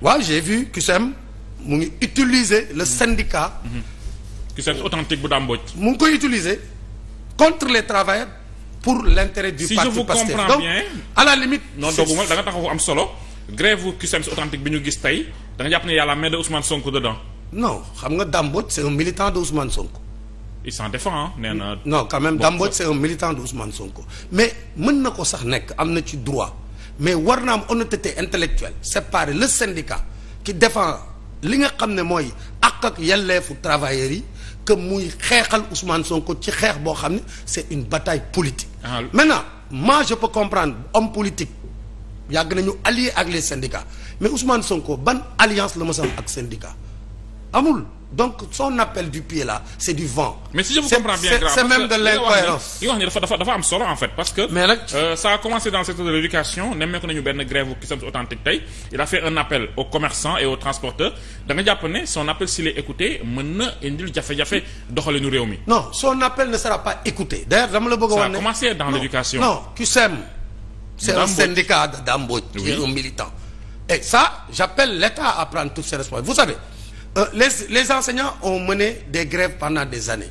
waaw j'ai vu CUSEM mu ngi utiliser le syndicat. CUSEM mm-hmm. authentique bu Dame mu ngi koy utiliser contre les travailleurs pour l'intérêt du. parti Pastef si je donc à la limite. non dooguma da nga taxawu am solo. grève CUSEM authentique bi ñu gis tey da nga jàpp ne yàlla main de Ousmane Sonko dedans. non xam nga Dame Mbodj c'est un militant de Ousmane Sonko. il s'en défend nee na. non quand même Dame Mbodj c'est un militant de Ousmane Sonko mais mën na ko sax nekk am na ci droit. mais war naa am honnêteté intellectuelle séparer le syndicat qui défend li nga xam ne mooy àq ak yelleefu travailleurs yi que muy xeexal Ousmane Sonko ci xeex boo xam ne c'est une bataille politique. Ah, maintenant moi je peux comprendre homme politique yàgg nañu allié ak les syndicats mais Ousmane Sonko ban alliance la ma sam ak syndicat. amul donc son appel du pied là c'est du vent. mais si je vous comprends bien grave c'est même de l'incohérence li nga wax dafa am solo en fait parce que. mais nag euh, ça a commencé dans le secteur de l'éducation nemmeeku nañu benn grève bu Kisum authentique tey il a fait un appel aux commerçants et aux transporteurs da nga jàpp ne son appel s'il est écouté mën na indil jafe-jafe doxalinu réew mi. non son appel ne sera pas écouté. d'ailleurs dama la bëgg a wax ne ça a commencé dans l'éducation. non CUSEMS. c'est un syndicat d'embauche qui est euh, les les enseignants ont mené des grèves pendant des années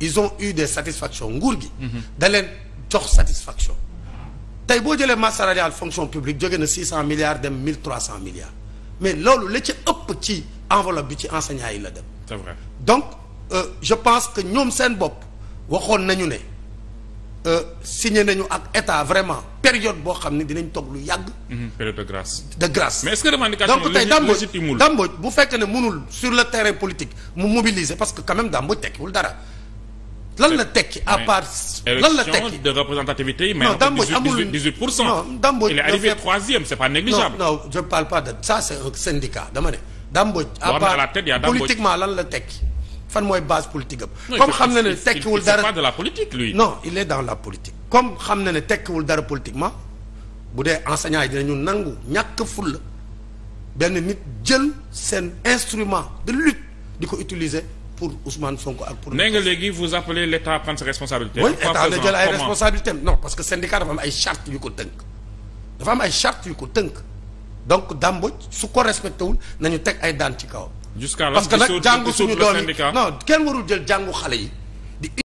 ils ont eu des satisfactions nguur gi. Mhm. da leen jox satisfaction. tey boo jëlee masse salariale fonction publique jóge na 600 milliards dem 1300 milliards mais loolu la ci ëpp ci enveloppe bi ci enseignants yi la dem. vrai donc euh, je pense que ñoom seen bopp waxoon nañu ne. Euh, signé nañu ak état vraiment période boo xam ne dinañ toog lu yàgg. Mhm, période de grâce. de grâce mais est-ce que revendication donc tey Dambodj bu fekkee ne mënul sur le terrain politique mu mobiliser parce que quand même Dambodj tekkiwul dara. lan la tekki à part lan la tekki de représentativité. mais non Dambodj amul 18 pour cent. non Dambodj il est arrivé troisième c'est pas négligeable. non non je parle pas de ça c'est un syndicat dama ne. à part politiquement lan la tekki. fan mooy base politique am. comme xam na ne tekkiwul dara pas de la politique lui. non na ne tekkiwul dara politiquement bu dee enseignants yi dinañu nangu ñàkk fulla benn nit jël seen instrument de lutte di ko utiliser pour Ousmane Sonko ak pour. nee nga léegi vous appelez l' état à prendre ses responsabilités. oui état da jël ay responsabilités non parce que syndicat dafa am ay chartes yu ko tënk. dafa am ay chartes yu ko tënk donc dàmbo su ko respecté wul nañu teg ay daan ci kawam. jusqu'à parce que nag jàngu suñu doom yi non kenn warul jël jàngu xale yi.